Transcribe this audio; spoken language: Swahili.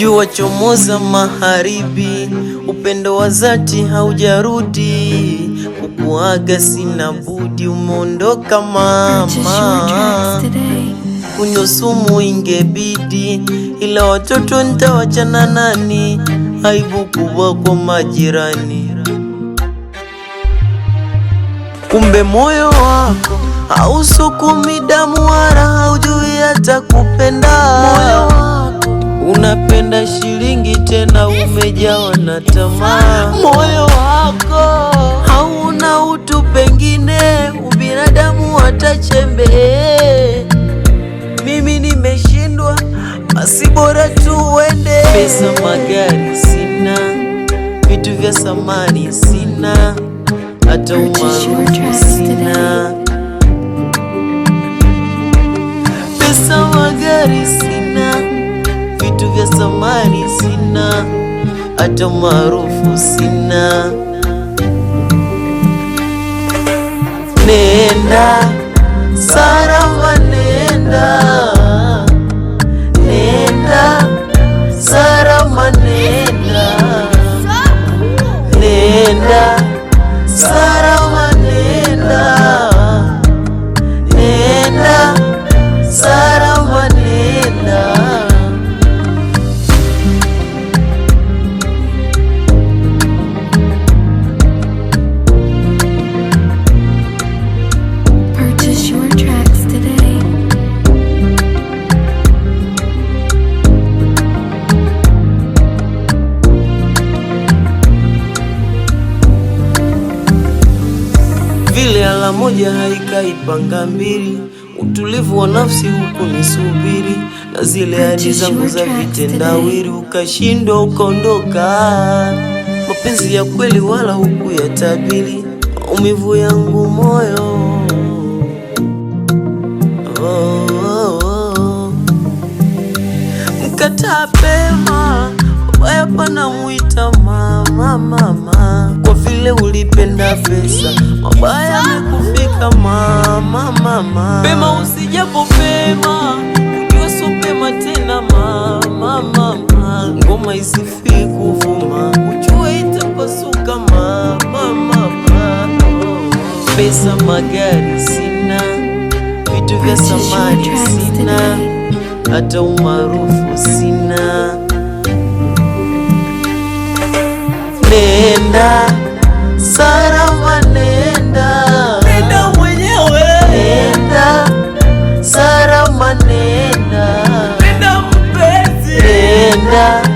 jua chomoza magharibi, upendo wa dhati haujarudi kukuaga, sina budi, umeondoka mama, sumu ingebidi, ila watoto nitawachana nani? Aibu kubwa kwa majirani, kumbe moyo wako hausukumi damu wala haujui hata kupenda na tamaa. Moyo wako hauna utu, pengine ubinadamu watachembee. Mimi nimeshindwa, basi bora tu Pesa, magari sina, vitu vya samani sina, hata umaarufu sina. Pesa, magari sina, vitu vya samani sina hata maarufu sina. nena vile ala moja ipanga mbili, utulivu wa nafsi huku nisubiri, na zile hadi zangu za vitendawili ukashindwa ukondoka Mapenzi ya kweli wala huku ya tabiri maumivu yangu moyo mkatapema oh, oh. mwita mama mama vile ulipenda pesa, mabaya mekufika mama, mama. Pema usijapo pema, ukiwa so pema tena mama, mama. Ngoma isifi kuvuma, ujue itapasuka mama, mama. Pesa magari sina, vitu vya samani sina, hata umaarufu sina. Nenda Salama nenda, nenda mwenyewe, nenda salama, nenda, nenda mpenzi, nenda